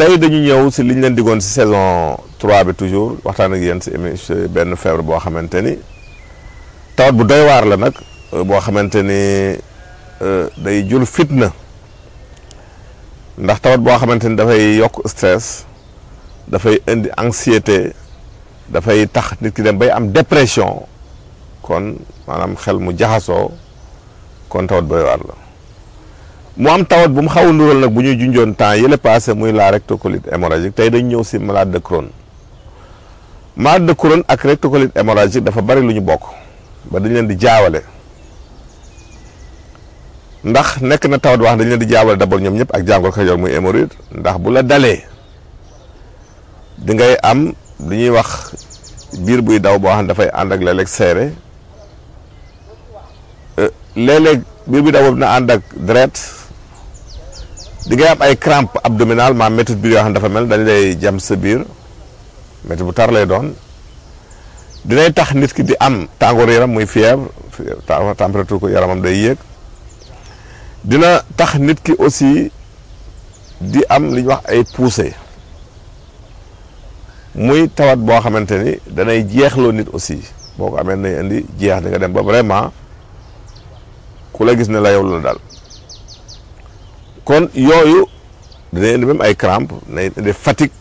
tey dañu ñëw si liñ ñu leen diggoon si saison 3 bi toujours waxtaan ak yéen si émission benn feebar boo xamante ni tawat bu doy waar la nag euh, boo xamante ni euh, day jur fitna ndax tawat boo xamante ni dafay yokk stress dafay indi anxiété dafay tax nit ki dem bay am dépression kon maanaam xel mu jaxasoo kon tawat doy waar la. mu am tawat bu mu xaw a nural nag bu ñuy junjoon temps yële passé muy la rectocolite hémorragique tey dañ ñëw si malade de Crohn malade de Crohn ak rectocolite hémorragique dafa bari lu ñu bokk ba dañ leen di jaawale ndax nekk na tawat wax dañ leen di jaawale d'abord ñoom ñëpp ak jàngoro kajoor muy hémorroïde ndax bu la dalee di ngay am lu ñuy wax biir buy daw boo xam ne dafay ànd ak léeg-léeg seere euh, léeg-léeg biir buy daw boobu dina ànd ak dret di ngay am ay crampe abdominale maam métit bi yoo xam dafa mel dañu lay jam sa biir métit bu tar lay doon dinay tax nit ki di am tàngoor yaram muy fièvre température ko yaramam day yéeg dina tax nit ki aussi di am li ñuy wax ay poussée muy tawat boo xamante ni danay jeexloo nit aussi boo ko amee nay indi jeex di dem ba vraiment ku la gis ne la yow la daal kon yooyu dañuy indi même ay cramp dañuy indi fatigue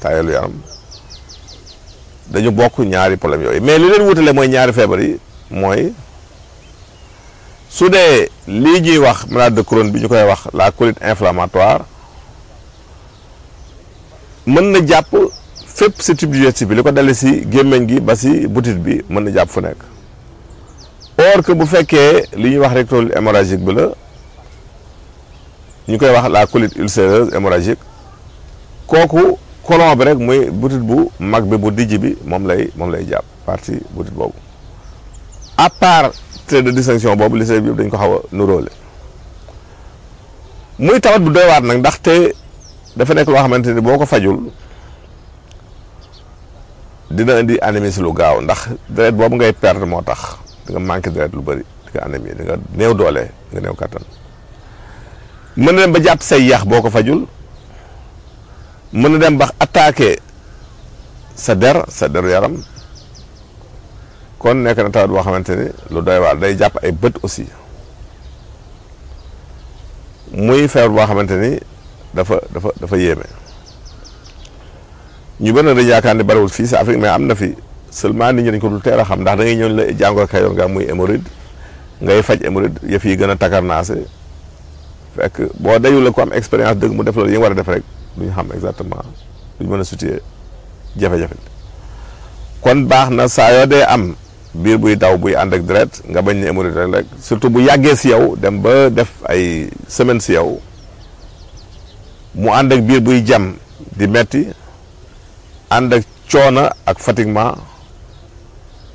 taayalu yaram dañu bokk ñaari problème yooyu mais li leen wutale mooy ñaari feebar yi mooy su dee lii ñuy wax malade de coron bi ñu koy wax la colite inflammatoire mën na jàpp fépp si tube digestif bi li ko dale si gémmiñ gi ba si butit bi mën na jàpp fu nekk or que bu fekkee li ñuy wax rectal hémorragique bi la ñu koy wax la colite ulcéreuse hémorragique kooku colon bi rek muy butit bu mag bi bu dijj bi moom lay moom lay jàpp partie butit boobu à part trait de distinction boobu lycée bi dañ ko xaw a nuróole muy tawat bu doy nag ndax te dafa nekk loo xamante ni boo ko fajul dina indi anémie si lu gaaw ndax deret boobu ngay perdre moo tax di nga manqué deret lu bari di nga anémie di nga néew doole di nga néew kattan mën na dem ba jàpp say yax boo ko fajul mën na dem ba attaqué sa der sa deru yaram kon nekk na tawat boo xamante ni lu doy waar day jàpp ay bët aussi muy feebar boo xamante ni dafa dafa dafa yéeme ñu bëri na dañu yaakaar ne bariwul fii si Afrique mais am na fi seulement nit ñi dañ ko dul teel a xam ndax da ngay ñëw la jàngoro kayoor nga muy hémorroïde ngay faj hémorroïde yëf yi gën a takarnaase fekk boo dajul la ko am expérience dëgg mu def loolu yi nga war a def rek duñu xam exactement duñu mën a jafe-jafe kon baax na saa yoo dee am biir buy daw buy ànd ak deret nga bañ ne hémorroïde rek rek surtout bu yàggee si yow dem ba def ay semaine si yow mu ànd ak biir buy jam di metti ànd ak coono ak fatiguement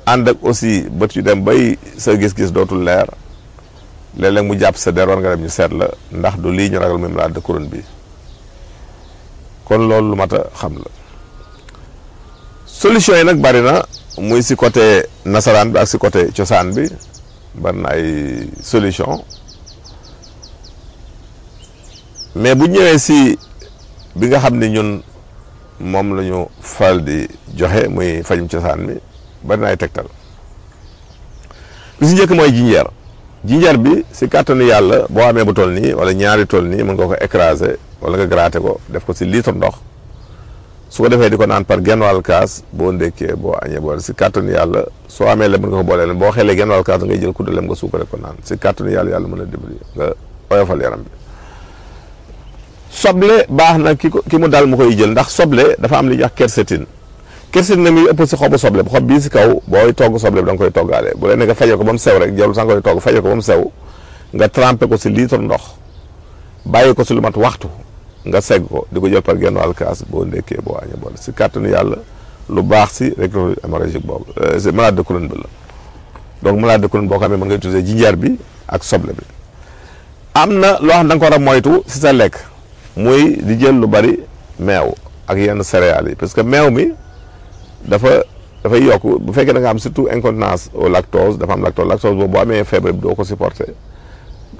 ànd ak aussi bët yu dem bay sa gis-gis dootul leer léeg-léeg mu jàpp sa der war nga dem ñu seet la ndax du lii ñu ragal muy malade de couronne bi kon loolu lu mat xam la solution yi nag bari na muy si côté nasaraan bi ak si côté cosaan bi bari ay solution mais bu ñëwee si bi nga xam ni ñun moom la ñu faral di joxe muy fajum cosaan mi bari na ay tegtal bi si njëkk mooy jinjeer jinjar bi si kàttanu yàlla boo amee bu toll nii wala ñaari toll nii mën nga ko écraser wala nga gratter ko def ko si litre ndox su ko defee di ko naan par genn wàll kaas boo ndekkee boo añee boole si kàttanu yàlla soo amee lem mën nga ko boole leen boo xelee genn wàll kaas da ngay jël kuddu lem nga suukare ko naan si kàttanu yàlla yàlla mën a dimbali nga oyofal yaram bi soble baax na ki ko ki mu daal mu koy jël ndax soble dafa am li ñuy wax kersin na mi ëpp si xobu soble xob bii si kaw booy togg soble bi da nga koy toggaale bu leen ne nga ko ba mu sew nga koy togg feje ko ba ko si litre ndox bàyyi ko si lu mat waxtu nga segg ko di ko jël par genn wàll kaas boo ndekkee boo añee boo si kàttanu yàlla lu baax si recto hémorragique boobu euh, c'est malade de Crohn bi la donc malade de Crohn boo xam ne mën nga utiliser jinjeer bi ak soble bi am na loo xam da nga ko war a moytu si sa lekk muy di jël lu bari meew ak yenn céréales yi parce que meew mi dafa dafay yokk bu fekkee na nga am surtout incontinence au lactose dafa am lactose lactose boobu boo amee feebar bi doo ko supporter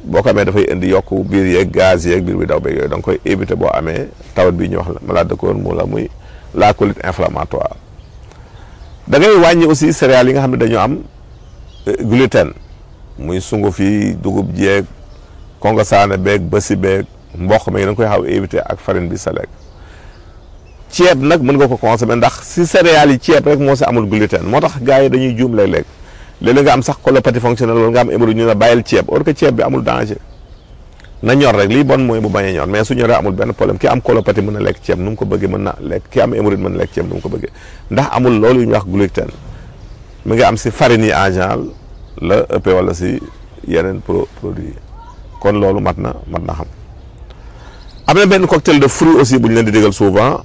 boo ko amee dafay indi yokk biir yeeg gaz yeeg biir bi daw beeg yooyu da nga koy éviter boo amee tawat bi ñu wax la malade de Crohn moo muy la colite inflammatoire da ngay wàññi aussi céréales yi nga xam ne dañoo am euh, gluten muy sungu fi dugub jeeg kongo saane beeg bësi beeg mboq mi da koy xaw éviter ak farine bi sa ceeb nag mën nga ko consommer ndax si céréales yi ceeb rek moo si amul gluten moo tax gars yi dañuy juum léeg-léeg léeg nga am sax colopathie fonctionnelle wala nga am hémorroïde ñu ne bàyyil ceeb or que ceeb bi na ñor rek lii bon mooy bu bañ a ñor su ñoree amul benn problème ki am colopathie mën na lekk ceeb nu mu ko bëggee mën na lekk ndax amul loolu yu ñuy wax gluten mi nga am si farine yi en général la ëpp wala si yeneen produit kon loolu mat na mat na xam am na benn cocktail de fruits aussi bu ñu leen di dégal souvent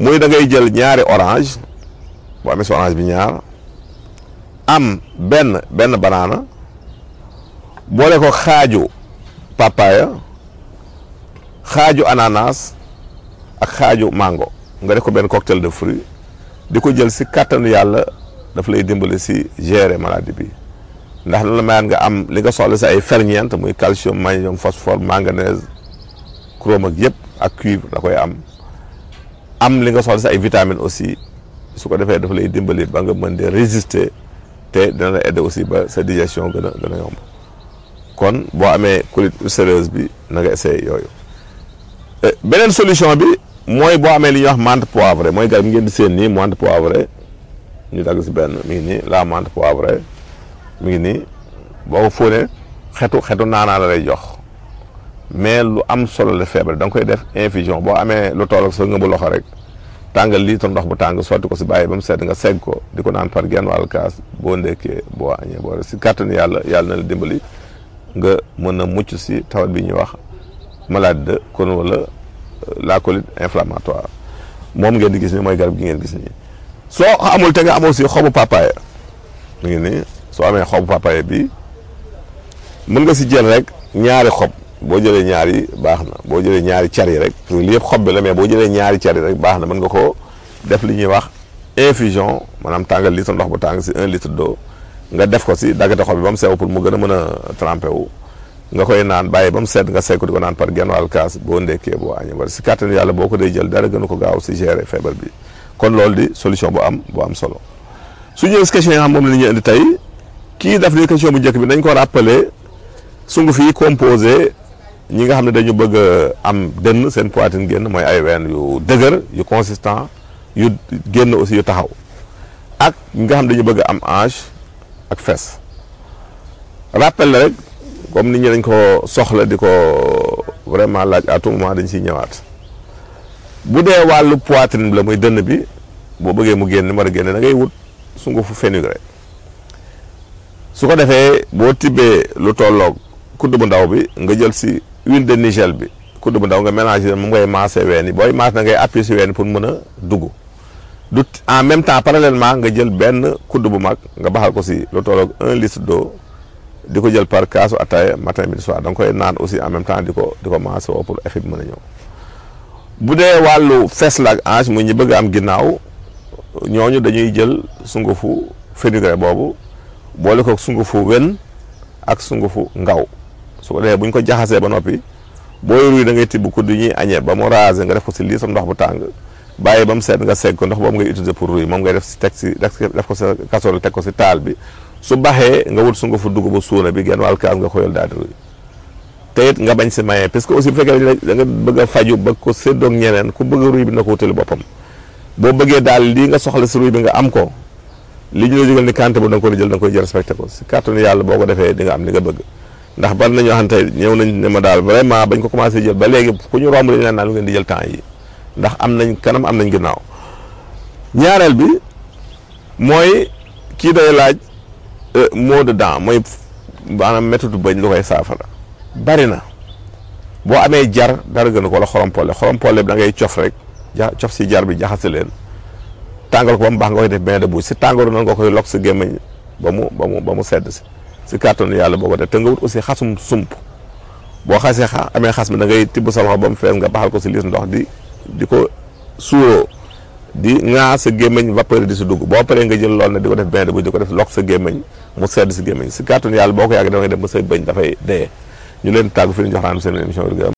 moy da ngay jël ñaari orange bo amé orange bi ñaar am ben ben banana bolé ko xaju papaya xaju ananas ak xaju mango nga def ko ben cocktail de fruits diko jël ci katanu yalla daf lay dimbalé ci gérer maladie bi ndax la mayan nga am li nga soxla ci ay ferñent muy calcium magnésium phosphore manganèse chrome ak yépp ak cuivre da koy am am li nga soxla si ay vitamines aussi su ko defee dafa lay dimbali ba nga mën di résister te dina la aider aussi ba sa digestion gën a gën a yomb kon boo amee colite ulcéreuse bi na nga essayé yooyu euh, beneen solution bi mooy boo amee li ñuy wax menthe poivrée mooy garab ngeen di seen nii menthe poivrée ñu dagg si benn mi ngi nii la menthe poivrée mu ngi nii boo ko fóonee xetu xetu naanaa la lay jox mais lu am solo la feebar da nga koy def infusion boo amee lu toll ak sa ngëmbu loxo rek tàngal litre ndox bu tàng sotti ko si bàyyi ba mu sedd nga seg ko di ko am par genn wàllu kaas boo ndekkee boo añee boo si kàttanu yàlla yàlla na la dimbali nga mën a mucc si tawat bi ñuy wax malade de Crohn wala euh, la colite inflammatoire moom ngeen di gis mooy garab gi ngeen gis nii soo amul te nga am aussi xobu papaye mu ngi nii soo amee xobu papaye bii mën nga si jël rek ñaari xob. boo jëlee ñaari baax na boo jëlee ñaari car yi rek parce que li yëpp xob bi la mais boo jëlee ñaari car yi rek baax na mën nga ko def li ñuy wax infusion maanaam tàngal litre ndox bu tàng si un litre d'eau nga def ko si daggate xob bi ba mu sew pour mu gën a a trempé wu nga koy naan di ko naan par genn wàll kaas boo ndekkee boo añee wala si kàttanu yàlla boo ko dee jël dara gënu ko gaaw si gérer feebar bi kon loolu di solution bu am bu am solo su ñëwee si question yi nga moom la ñu indi tey kii daf ni question bu njëkk bi nañ ko rappeler sungu fi ñi nga xam ne dañu bëgg am dënn seen poitrine génn mooy ay ween yu dëgër yu consistant yu génn aussi yu taxaw ak ñi nga xam ne dañu bëgg am hanche ak fes rappel rek comme nit ñi dañ ko soxla di ko vraiment laaj à tout moment dañ siy ñëwaat bu dee wàllu poitrine bi la muy dënn bi boo bëggee mu génn mën a génn da ngay wut sungufu fenugrec su ko defee boo tibbee lu tollook kudd bu ndaw bi nga jël si huile de nigel bi kudd bu ndaw nga mélanger moom ngay maase ween yi booy na ngay appuyer si ween pour mën dugg du en même temps parallèlement nga jël benn kudd bu mag nga baxal ko si lu tolloog un litre d'eau di ko jël par kaasu ataaya matin bi soir da nga koy naan aussi en même temps di ko di ko maase woo pour effet bi a ñëw bu dee wàllu fees la ak mu ñu bëgg am ginnaaw ñooñu dañuy jël sungufu fenugrec boobu boole ko sungufu wen ak sungufu ngaw su ko defee bu ñu ko jaxasee ba noppi booy ruy da ngay tibb kudd ñuy añee ba mu raase nga def ko si litre ndox bu tàng bàyyi ba mu seet nga segg ko ndox boobu ngay utiliser pour ruy moom ngay def si teg si def ko sa casserole teg ko si taal bi su baxee nga wut su nga fa ba suuna bi genn wàll kaas nga xoyal te it nga bañ si maye parce que aussi bu fekkee da nga bëgg a faju ko séddoog ñeneen bi na ko wutali boppam boo bëggee daal lii nga soxla si ruy bi nga am ko li ñu la jógal ni quantité bu da nga ko jël da yàlla boo ko defee di am li nga bëgg ndax ban la ñoo xam tey ñëw nañ ne ma daal vraiment bañ ko commencé jël ba léegi ku ñu romb dañu naan naan lu ngeen di jël temps yi ndax am nañ kanam am nañ ginnaaw ñaareel bi mooy kii day laaj euh, mot de dent mooy maanaam ba bañ lu koy saafara bari na boo amee jar dara gën ko wala xorompole xorompole bi da ngay cof rek ja cof si jar bi jaxase leen tàngal ko ba mu baax nga koy def benn de si tàngooru noonu nga koy lok si gémmiñ ba mu ba mu ba mu sedd si si kàttanu yàlla boo ko def te nga wut aussi xasum sump boo xasee xa amee xas mi da ngay tibb sa loxo ba mu fees nga baxal ko si liis ndox di di ko suuroo di ŋaa sa gémmiñ vapeur di si dugg boo paree nga jël lool na di ko def bain de bouche di ko def lokk sa gémmiñ mu sedd si gémmiñ si kàttanu yàlla boo ko yàggee da ngay dem ba say bëñ dafay dee ñu leen tàggu fi ñu jox naan seen émission